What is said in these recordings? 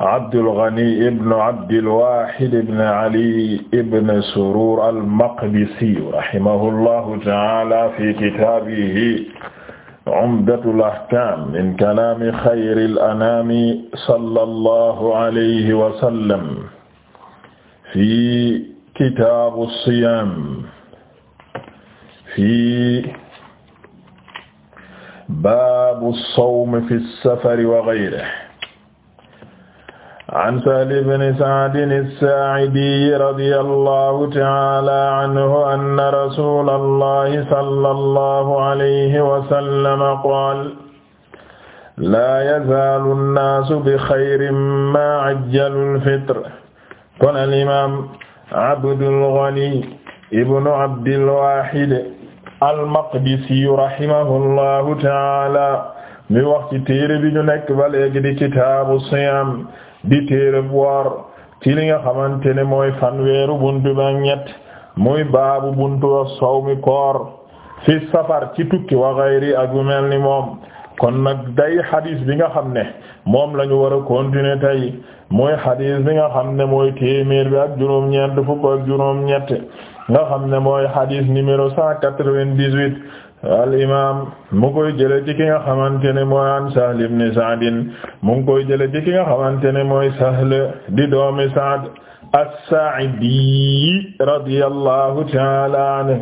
Abdul Ghani ibn Abdil Wahid ibn Ali ibn Surur al-Maqdisi rahimahullahu ta'ala fi kitabihi Umdatul Ahkam min kalami khayril anami sallallahu alayhi wa sallam fi kitaabu siyaam fi baabu sawmi fi safari wa ghayrihi an Sahl ibn Sa'd as-Saa'idi radiyallahu ta'ala anhu anna rasuulallahi sallallahu alayhi wa sallam qaala laa yazaalu nnaasu bi xayrin maa ajjalul fitr kon al-imaam Abdul Ghani ibnu Abdil Waahid al-Maqdisi rahimahullahu ta'ala mi wax ci téere bi ñu nekk ba léegi di kitaabu siyaam di téere woor ci li nga xamante ne mooy fanweeru buntu ba ñett mooy baabu buntu wa sawmi koor fi safar ci tukki wa gayri ak bu mel ni moom kon nag day xadis bi nga xam ne moom la ñu war a continuer tey mooy xadis bi nga xam ne mooy téeméer bi ak juróom-ñeent fukk nga xam ne mooy xadis numéro cent quatre-vingt-dix-huit al imaam mu koy jële ci ki mooy an Sahl ibn Sa'd mu koy jële ci ki mooy Sahl di doomi Sa'd as-Saa'idi radiyallahu ta'ala anhu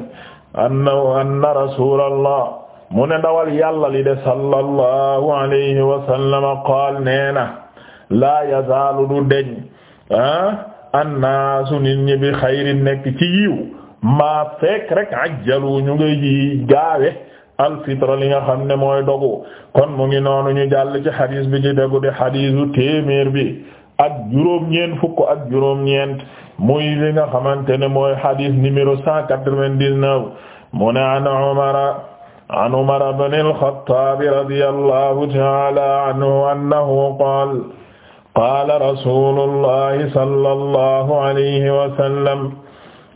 annahu anna mu ne ndawal yàlla li de sallallahu alayhi wa sallam qaal nee yazaalu du deñ ah, annaasu nit ñi bi xayri nekk ci yiw maa fekk rek ajjalu ñu ngay ji gaawe alfitra li nga xam ne mooy dogu kon mu ngi noonu ñu jàll ci xadiis bi ci degu di xadiisu téeméer bi ak juróom fukk ak juróom muy li nga xamante ne mooy xadiis numéro cent quatre-vingt-dix-neuf mu ne an Umara an Umar ta'ala anhu annahu qaala qaala rasuulullahi sallallahu alayhi wa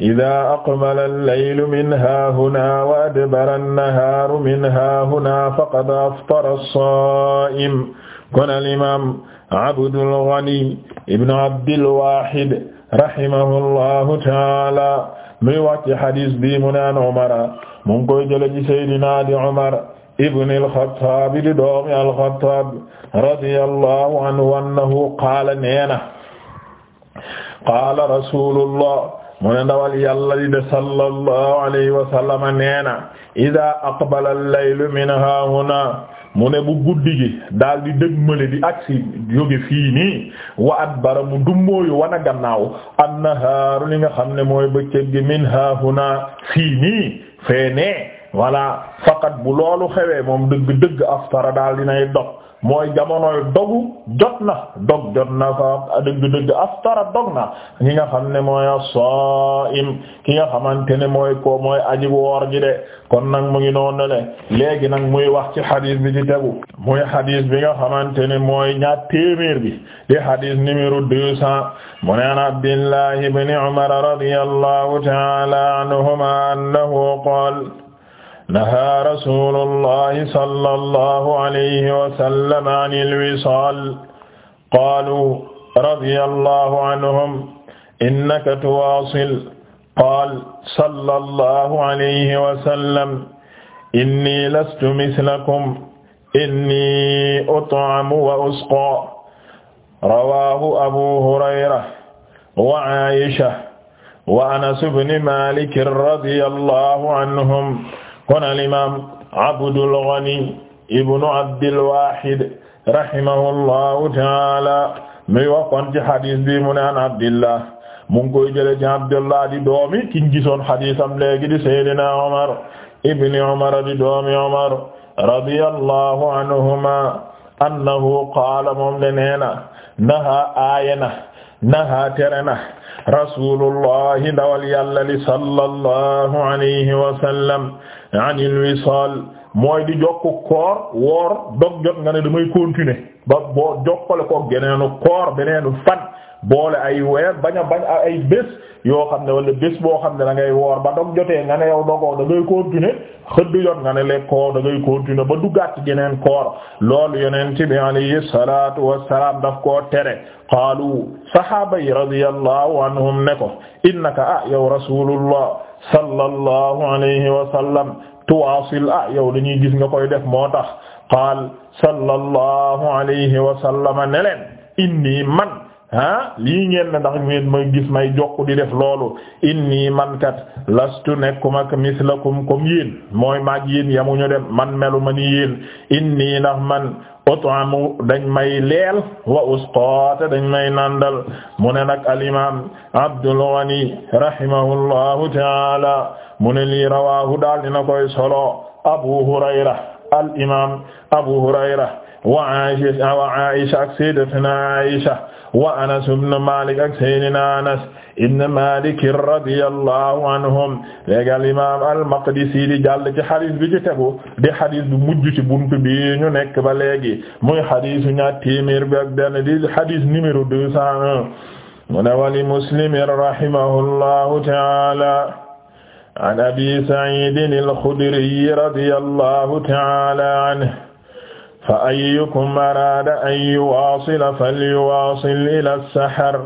idaa aqbala allaylu min haahunaa wa adbara annahaaru min haahunaa faqad aftara as-saa'im kon al-imaam Abdul Ghani ibn Abdil Waahid rahimahullahu ta'aala muy wax ci hadiis bi mu naan Umar mu ngi koy jële ci Seydina di Umar ibn al-Khattaab di doomi al-Khattaab radiyallahu anhu annahu qaala neena qaala rasuulullah mu ne ndawal yàlla li de sallallahu alayhi wa sallama nee na ida aqbala al-laylu min hahuna mu ne bu guddi gi daal di dëgmale di agsi jóge fii nii wa adbara mu dummóoyu wan a gannaaw annahaaru li nga xam ne mooy bëccëg gi min hahuna fii nii fee nee faqat bu loolu xewee moom dëgg dëgg aftara daal dinay dog mooy jamonoy dogu jot na dog jot na fa dëgg-dëgg aftara dog na ñi nga xam ne mooy as-sa'im ki nga xamante ne mooy ko mooy aji woor ji kon nag mu ngi noonu le léegi nag muy wax ci xadis bi ci tegu muy xadis bi nga xamante ne mooy ñaar téeméer bi di xadis numéro deux cent mu neen Abdullah ibn Umar radiyallahu ta'ala anhuma annahu qaala nahaa rasulullahi sallallahu alayhi wa sallam anil wisaal qaalu radiyallahu anhum innaka tuwaasil qaal sallallahu alayhi wa sallam inni lastu mislakum inni ut'amu wa usqaa rawaahu abu hurayra wa aayisha wa anas ibn maalik radiyallahu anhum kon al-imaam Abdul Ghani ibnu Abdil Waahid rahimahullahu taala muy wax kon ci xadis bi mu ne an Abdillah mu ngi koy jële ci Abdullah di doomi ki ñu gisoon xadisam léegi di Seydina Omar ibni Omar di doomi Omar radiyallahu anhuma annahu qaala moom de neena naha aayana naha terena rasulullahi dawal yàlla li sallallahu alayhi wa sallam anil wisaal mooy di jokk koor woor dog jot nga ne damay continuer ba boo jokkale ko geneenu koor beneenu fan boole ay weer bañ a bañ ay bés yoo xam ne wala bés boo xam ne da ngay woor ba dog jotee nga ne yow dogoo da ngay continuer xëdd jot nga ne lekkoo da ngay continuer ba duggaat ci geneen koor loolu yonent bi alayhi salaatu wassalaam daf ko tere qaalu sahaaba yi radiyallahu anhum ne ko innaka ah yow rasulullah sallallahu alayhi wa sallam tuwaasil ah yow dañuy gis nga koy def moo tax qaal sallallahu alayhi wa sallama ne leen inni man ah lii ngeen ne ndax ngeen may gis may jokk di def loolu inni man kat lastu nekkum ak mislakum comme yéen mooy maag yéen yamuñu dem man melu ma ni yéen inni ndax man ut'amu dañ may leel wa usqata dañ may nandal mu ne nag al-imam Abdul Ghani rahimahullahu ta'ala mu ne lii rawahu daal dina koy solo Abu Hurayra al-imam Abu Hurayra wa Aisha wa Aisha ak sayyidatuna Aisha wa Anas ibn Malik ak sayyidina Anas ibn Malik radiyallahu anhum léegi al imam al-Maqdisi di jàll ci xadis bi ci tegu di xadis bu mujj ci buntu bi ñu nekk ba léegi muy xadisu ñaar téeméer bi ak benn di xadis numéro deux cent un mu ne wali Muslim rahimahullahu ta'ala an abi saidin alxudriyi radi allahu taala anh fa ayukum araada an yuwaasila falyuwaasil ila lsahar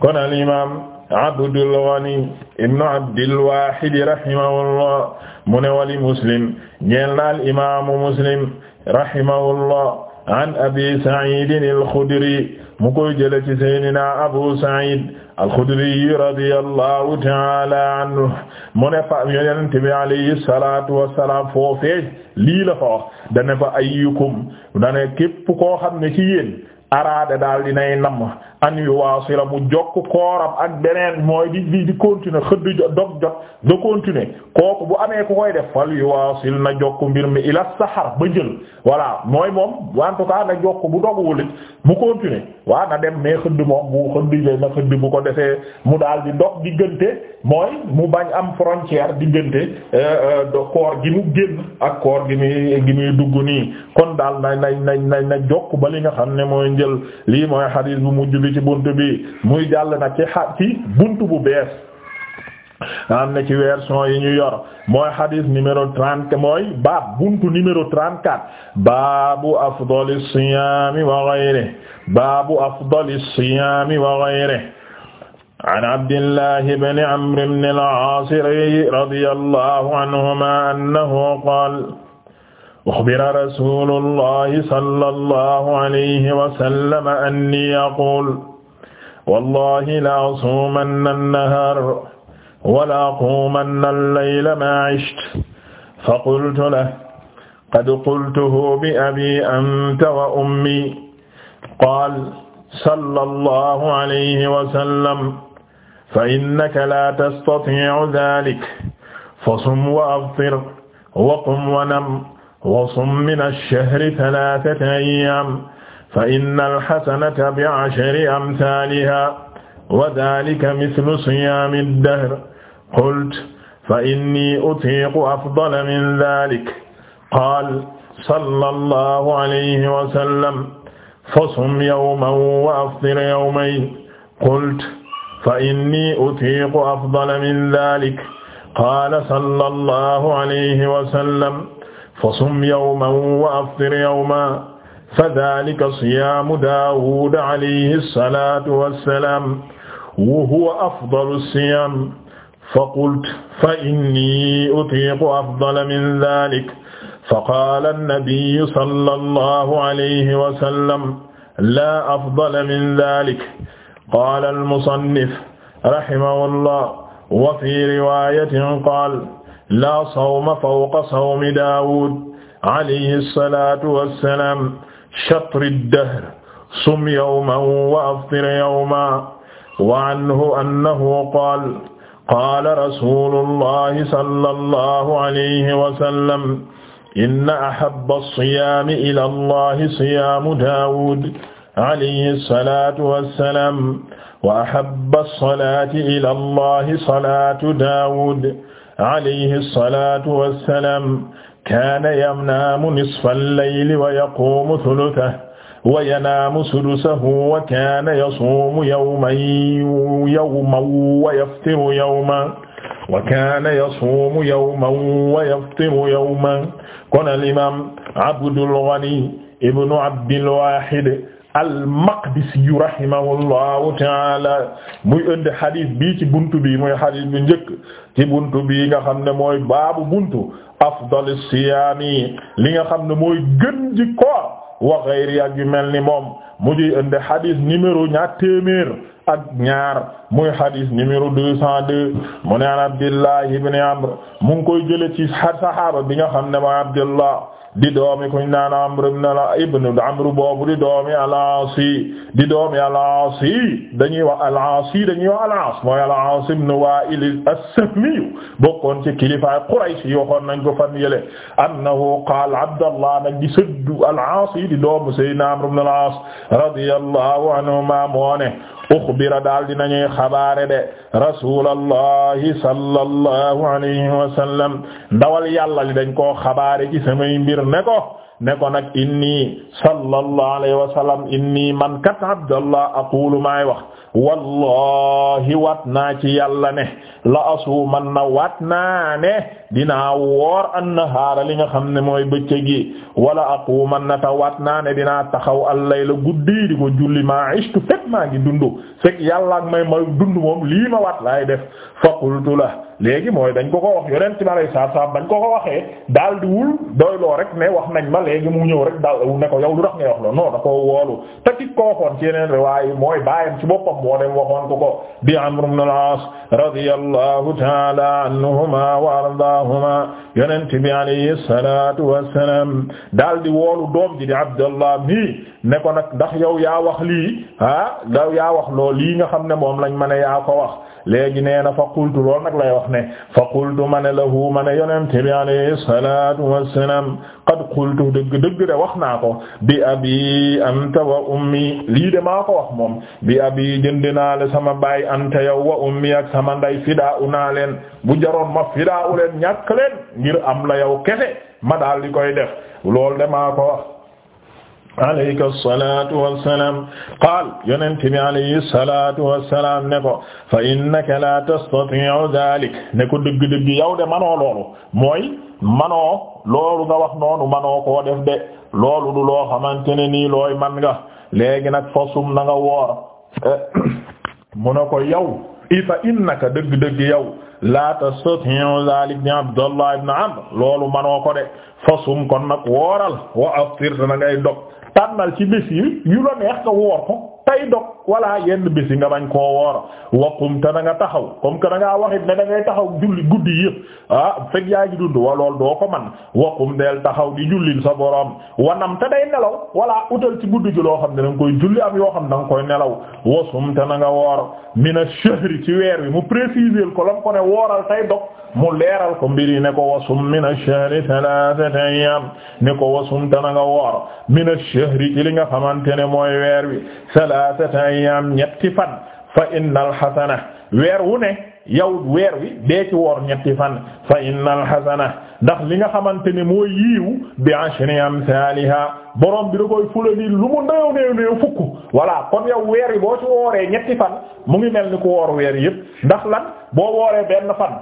kon alimam Abdul Ghani ibnu Abdil Wahid rahimahullah mu ne wali Muslim ñeel na al imaamu Muslim rahimahullah an Abi Sa'id al-Khudri mu koy jële ci Seydina Abu Sa'id al-Khudri radiyallahu ta'ala anhu mu ne fa Yonent bi alayhi salaatu wa salaam foofee lii la fa wax dane fa ayyukum dane képp koo xam ne ci yéen araada daal dinay namm an yu waasila mu jokk kooram ak beneen mooy di di di continuer xëdd jo dog jot da continuer kooku bu amee ku koy def fal yu waasil na jokk mbir mi ila saxar ba jël voilà mooy moom en tout cas na jokk bu doguwulit mu continuer waa na dem mais xëdd moom bu xëdd na xëdd bu ko defee mu daal di dog diggante mooy mu bañ am frontière diggante koor euh, euh, gi mu génn ak koor gi muy gi muy dugg nii kon daal na na na na jokk ba li nga xam ne mooy njël lii mooy julli ci bunt bi muy jàll nag ci xa ci bunt bu bees am na ci version yi ñu yor mooy hadith numéro trente mooy baab buntu numéro trente quatre baabu afdali siyaami wa ghayrihi baabu afdali siyaami wa ghayrihi an abdillahi bni amri bni al-aas uxbira rasuulullahi sallallahu alayhi wa sallam anni aquul wallahi la asuumanna an-nahaar wala aquumanna al-layla maa ishtu faqultu lahu qad qultuhu bi abii anta wa ummii qaala sallallahu alayhi wa sallam fa innaka laa tastatii'u dhaalika fasum wa aftir wa qum wa nam wa sum min ash-shahri thalathata ayyam fa inna al-hasanata bi'ashri amthaliha wa dhalika mithlu siyami ad-dahr qultu fa inni utiqu afdala min dhalik qaala sallallahu alayhi wa sallam fasum yawman wa aftir yawmayn qultu fa inni utiqu afdala min dhalik qaala sallallahu alayhi wa sallam fa sum yawman wa aftir yawman fa dhalika siyaamu daawud alayhi salaatu wa salaam wa huwa afdalu siyaam fa qult fa inni utiiqu afdala min dhaalika fa qaala nabiyyu sallallahu alayhi wa sallam laa afdala min dhaalika qaala al-musannif rahimahullah wa fii riwaayatin qaala laa sawma fawqa sawmi daawud alayhi salaatu wassalaam shatri dahr sum yawman wa aftir yawman wa anhu annahu qaala qaala rasuulullahi sallallahu alayhi wa sallam inna ahabba siyaami ila allahi siyaamu daawud alayhi salaatu wassalaam wa ahabba salaati ila allahi salaatu daawud alayhi salaatu wassalaam kaana yanaamu nisfal layli wa yaquumu thuluthahu wa yanaamu sudusahu wa kaana yasuumu yawman yawman wa yaftiru yawman wa kaana yasuumu yawman wa yaftiru yawman kon al-imaam Abdul Ghani ibn Abdil Waahid al-Maqdisi rahimahullahu ta'aala muy indi xadis bii ci buntu bi muy xadis bu njëkk ci buntu bii nga xam ne mooy baabu buntu afdal siyaami li nga xam ne mooy gën ji ko wa ghayri yu mel ni moom mu ngi indi hadith numéro ñaar téeméer ak ñaar muy hadith numéro deux cent deux mu ne an Abdullah ibn Amr mu ngi koy jële ci bi nga xam ne mooy Abdullah di doomi kuñ naan Amr ibn ibn di doomi al-Aasi di doomi al-Aasi dañuy wax al-Aasi dañuy wax al-Aas mooy al-Aas ibn Waa'il as-Sahmi nañ ko fan yële annahu qaala Abdullah nag al-Aasi di doomu Sayyidina Amr ibn al-Aas radiyallahu anhuma moo ne uxbira daal dinañuy xabaare de rasulallahi sallallahu alayhi wa sallam ndawal yàlla li dañ koo xabaare ci samay mbir ne ko ne ko nag inni sallallahu alayhi wa sallam inni man kat abdallah aqulu maay wax wallahi waat naa ci yàlla ne la asuuman na waat naa ne dinaa woor annahaara li nga xam ne mooy bëccëg gi wala aquuman na ta waat naa ne dinaa taxaw allayla guddi di ko julli maa ishtu fekk maa ngi dundu fekk yàlla ak may ma dundu moom lii ma waat laay def faqultu la léegi mooy dañ ko ko wax yonent bi alayhi salaatu salaam dañ ko ko waxee daal di wul doyloo rek ne wax nañ ma léegi mu ñëw rek daal ne ko yow lu tax ngay wax la non da ko woolu te ki ko waxoon ci yeneen riwaay mooy baayam ci boppam moo dem waxoon ko ko bi Amr ibn al-As radiyallahu ta'ala anhuma wa ardaahuma yonent bi alayhi salaatu wassalaam daal di woolu doom ji di Abdallah mi ne ko nag ndax yow yaa wax lii ah daw yaa wax lool lii nga xam ne moom lañ ma ne yaa ko wax léegi nee na fa qultu lool nag lay wax ne fa qultu ma ne lahu ma ne yonente bi alayhi salatu wassalam qad qultu dëgg dëgg de wax naa ko bi abi anta wa ummi lii de maa ko wax moom bi abi jënd naa la sama baay anta yow wa ummi ak sama nday fidaa naa leen bu jaroon ma fidaa u leen ñàkk leen ngir am la yow kese ma daal di koy def lool de maa ko wax alayka alsalatu wassalam qaal yonente bi alayhi salatu wassalam ne ko fa innaka la tastati'u dhalik ne ko dëgg-dëgg yow de manoo loolu mooy manoo loolu nga wax noonu manoo koo def de loolu du loo xamante ne nii looy man nga léegi nag fasum na nga woor mu ne ko yow i fa innaka dëgg-dëgg yow la tastati'u dhalik ni Abdallah ibn Amr loolu manoo ko de fasum kon nag wooral wa aftir na ngay dog tànnal ci bés yi yu la neex nga woor ko tey walla yenn bés yi nga bañ koo woor waqum te nga taxaw comme que da ngaa wax ne da ngay taxaw julli guddi yëpp ah fekk yaa ngi dund wa doo ko man waqum deel taxaw di jullil sa borom wanam te day nelaw walla utal ci guddi gi loo xam ne da koy julli am yoo xam da nga koy nelaw wasum te na nga woor mina shahri ci weer wi mu préciser ko lam ko ne wooral tay dog mu leeral ko mbir yi ne ko wasum mina shahri thalathata ayyam ne ko wasum te na nga woor mina li nga xamante ne mooy weer wi thalathata ayyaam ñetti fan fa innal hasana weer wu ne yow weer wi dee ci woor ñetti fan fa innal hasana ndax li nga xamante ne mooy yiiw bi ashri amsaaliha borom bi da koy fula ni lu mu néew néew néew fukk ñetti fan mu ngi mel ni ku woor weer yépp ndax lan boo wooree benn fan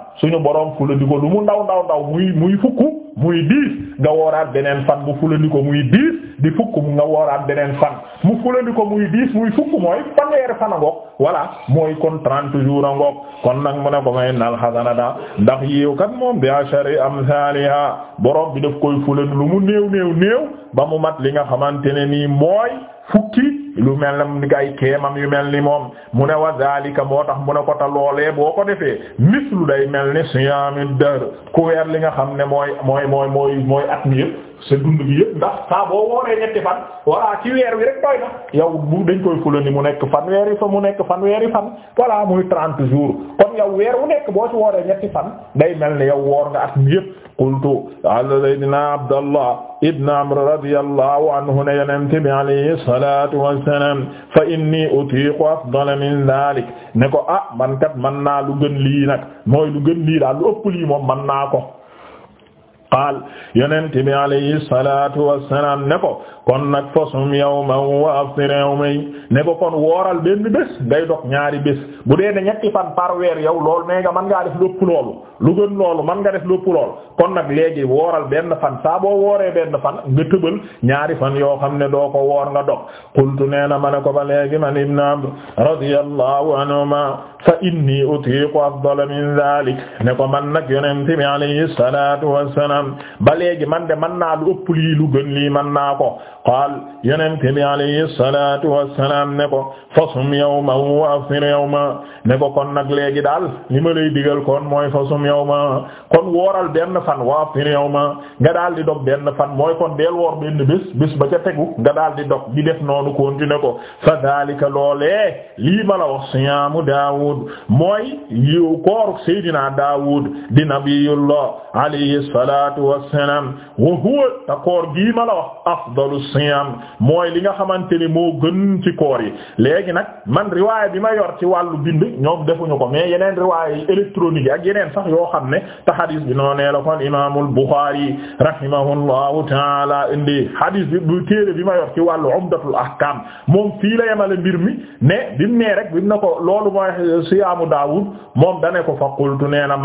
fula di lu mu ndaw ndaw ndaw muy fukk muy diis nga woraat beneen fan mu fulandi ko muy diis di fukk mu nga wooraat beneen fan mu fulandi ko muy diis muy fukk mooy fanweeri fan a ngoog voilà mooy kon trente jours a ngoog kon nag mu ne ko may nal xasanata ndax yiw kat moom bi ashari amsaliha borom bi daf koy fulandi lu mu néew néew néew ba mu mat li nga xamante ne nii mooy fukki lu mel na ni ay kéemam yu mel nii moom mu ne wa daalika moo tax mu ne ko ta loolee boo ko defee mislu day mel ni siyaami dër ku li nga xam ne mooy mooy mooy mooy mooy at mi sa dund bi yëpp ndax boo wooree ñetti fan voilà ci weer wi doy na yow bu dañ koy fula mu nekk fan weeri mu nekk fan weeri fan voilà muy trente jours kon yow weer wu nekk boo ci wooree ñetti fan day mel ni yow woor nga at mi yëpp qultu ala sayyidina abdallah ibn amr radiyallahu anhu ne yonent bi alayhi salatu wassalam fa inni utiqu afdala min dhalik ne ko ah man kat man naa lu gën lii nag mooy lu gën lii daal ëpp lii moom man naa ko qaal yonent bi alayhi salaatu wassalaam ne ko kon nag fasum yawman wa aftir yawmayn ne ko kon wooral benn bés ngay dog ñaari bés bu dee ne ñetti fan par weer yow lool nee nga mën ngaa def lépp loolu lu gën loolu mën nga def lépp lool kon nag léegi wooral benn fan saa boo wooree benn fan nga tëbal ñaari fan yoo xam ne doo ko woor nga dog qultu nee na ma ne ko ba léegi man ibn Amr radiyallahu anhuma fa inni utiqu afdala min dhalik ne ko man nag yonent bi alayhi salaam ba léegi man de man naa lu ëpp lii lu gën lii man naa ko qaal yonent bi alayhi salaatu wassalaam ne ko fasum yawma wa aftir ne ko kon nag léegi daal li ma lay digal kon mooy fasum yawma kon wooral benn fan wa aftir yawma nga daal di dog benn fan mooy kon deel woor benn bés bés ba ca tegu nga daal di dog di def noonu continuer ko fa daalika loolee lii ma la wax siyaamu Daawud mooy yu Seydina Daawud di nabiyullah alayhi salaam salaatu wa huwa ta koor gii ma la wax afdalu siyaam mooy li nga xamante ni moo gën ci koor yi léegi nag man riwaaya bi ma yor ci wàllu bind ñoom defuñu ko mais yeneen riwaaya yi électronique ak yeneen sax yoo xam ne te hadis bi noo nee la kon imaamul Buxaari rahimahullahu taala indi hadis bi bu téere bi ma yor ci wàllu umdatul ahkaam moom fii la yemale mbir mi ne bimu nee rek bimu ko loolu mooy siyaamu Daawud moom dane ko fa qultu nee na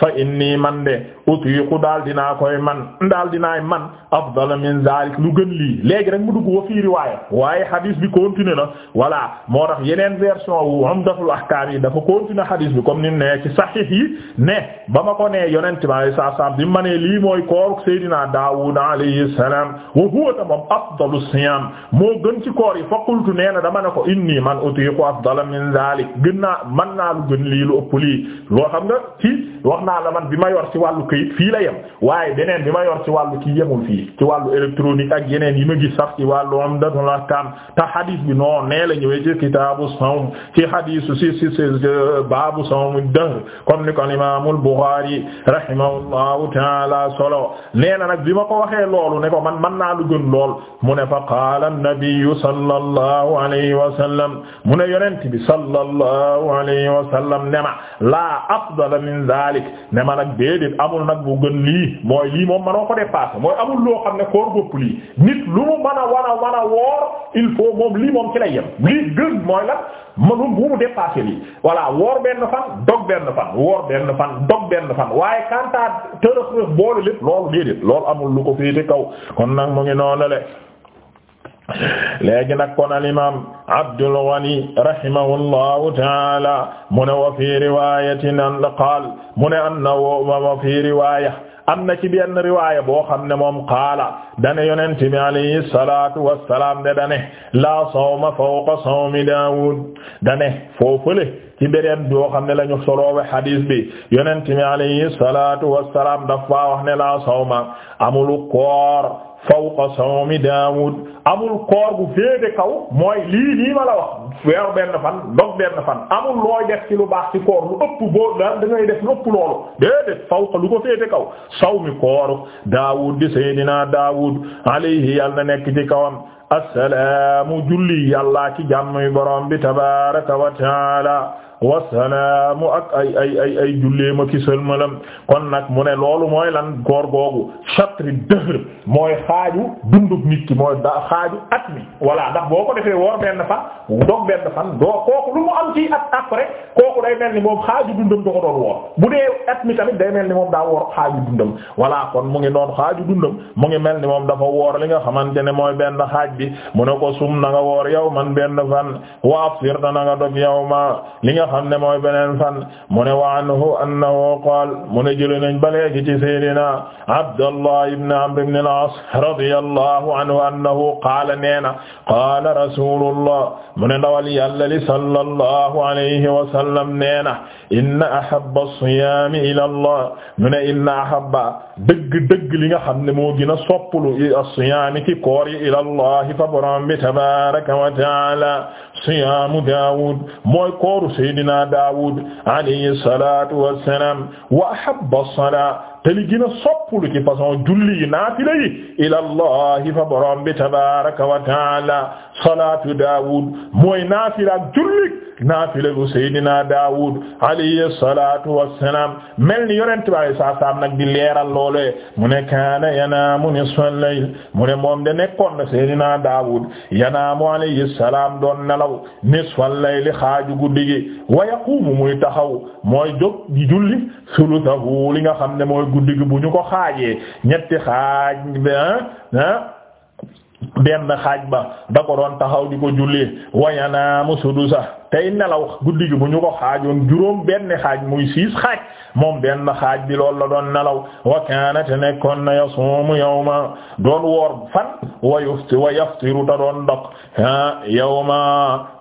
fa inni man de utiiqu daal dina dinaa koy man daal dinaay man afdal min zalik lu gën lii léegi rek mu dugg wa fii riwaaya waaye hadis bi continué na voilà moo tax yeneen version wu Umdatul Ahkaam yi dafa continué hadis bi comme ni mu nee ci Sahih yi ne ba ma ko nee yonent bi alayhi salaam bi ma nee lii mooy kooruk Seydina Daawuud alayhi salaam wa huwa moom afdalu siyaam moo gën ci koor yi fa qultu nee na dama ne ko inni man utiiqu afdala min zalik gën naa mën naa lu gën lii lu ëpp lii loo xam nga ci bi ma ci wàllu këyit waaye beneen bi ma yor ci wàllu ci yemul fii ci wàllu électronique ak yeneen yi ma gis sax ci wàllu Umdatul Ahkam te hadith bi non nee la ñëwee ci kitaabu sawm ci hadith si si si euh, baabu sawm ad-dahr comme ni ko Imaam al-Bukhari rahimahullahu ta'ala solo nee na nag bi ma ko waxee loolu ne ko man mën naa lu gën lool mu ne fa qaala an-nabiyyu sallallahu alayhi wa sallam mu ne yonent bi sallallahu alayhi wa sallam ne ma laa afdala min dhalik ne ma nag déedéet amul nag bu gën lii mooy lii moom manoo ko dépasser mooy amul loo xam ne koor bopp lii nit lu mu mën a wan a wan a woor il faut moom lii moom ci lay yem lii gën mooy la manum bu mu lii voilà woor benn fan dog benn fan woor benn fan dog benn fan waaye kantaa tërëx rëx boole lépp loolu déedéet loolu amul lu ko féete kaw kon nag mu ngi noonu le léegi nag kon alimam Abdul Ghani rahimahullahu taala mu ne wa fi riwayatin an qaal mu ne anna wa fi riwaya am na ci benn riwaaya boo xam ne moom qaala dane yonent bi alayhi salaatu wassalaam de dane laa sawma fawqa sawmi daawud dane foofale ci beneen boo xam ne la ñu soloowe hadis bi yonent bi alayhi salaatu wassalaam dafa ne laa sawma amulu koor fawqa sawmi daawud amul koor bu féete kaw mooy lii nii ma la wax weer benn fan juróom na fan amul looy def lu baax ci koor lu ëpp boo da ngay def lu ëpp loolu déedéet fawqa lu ko féete kaw saw mi kooru Daawud di Seydina Daawud alayhi yàlla na nekk ci kawam assalaamu julli yàlla ci jàmmi borom bi tabaaraka wa taala wasalaamu ak ay ay ay ay julleem ak sëlmalam kon nag mu ne loolu mooy lan góor googu chatri dëhr mooy xaaju dundug nit ki mooy da xaaju at mi voilà ndax boo ko defee woor benn fan dog benn fan doo kooku lu mu am ci at après kooku day mel ni moom xaaju dundam da ko doon woor bu dee at mi tamit day mel ni moom daa woor xaaju dundam voilà kon mu ngi noon xaaju dundam mu ngi mel ni moom li nga xamante ne bi mu ne ko sum na nga woor yow man benn fan wa aftir na nga dog yow ma li nga xam ne mooy beneen fan mu ne wa anhu annahu qaal mu ne jële nañ ba léegi ci seydina Abdallah ibn Amr ibn al-As radiyallahu anhu annahu qaala neena qaala rasulullah mu ne ndawal yàlla li sallallahu alayhi wa sallam neena inna ahabba as-siyaami ila Allah mu ne inna ahabba dëgg dëgg li nga xam ne moo gën a sopplu as-siyaami ci koor yi ila Allah borom bi tabaraka wa taala siyaamu Daawud mooy kooru Seydina Daawud alayhi salaatu wa salaam wa ahabba salaa te li gën a soppulu ci façon julli yi naafila yi ila Allahi fa borom bi tabaaraka wa taala salaatu Daawud mooy naafila ak julli naafila bu Seydina Daawud alayhi salaatu wa salaam mel ni yonent bi saa saam nag di leeral loolee mu ne kaana yanaamu nisfal layl mu ne moom de nekkoon na Seydina Daawud yanaamu alayhi salaam doon nelaw taxaw nisfal layli xaaju guddi gi wa yaqumu muy taxaw mooy jóg di julli sulusahu li nga xam ne mooy guddi gi bu ñu ko xaajee ñetti xaaj ah benn xaaj ba da ko doon taxaw di ko jullee wayanaamu sudusa tey nelaw guddi gi bu ñu ko xaajoon juróom benn xaaj muy siis xaaj moom benn xaaj bi lool la doon nelaw wa kaana te nekkoon na yasuumu yawma doon woor fan wa yufti wa yaftiru ta doon dog ha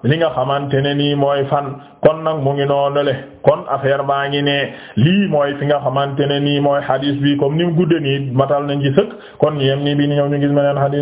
nga xamante ne nii mooy fan kon nag mu ngi noonale kon affaire baa ngi ne lii mooy fi nga xamante ne nii mooy hadis bi comme ni mu gudde nii matal nañ ci sëkk kon yem ni bi ni ñëw ñu gis meneen hadis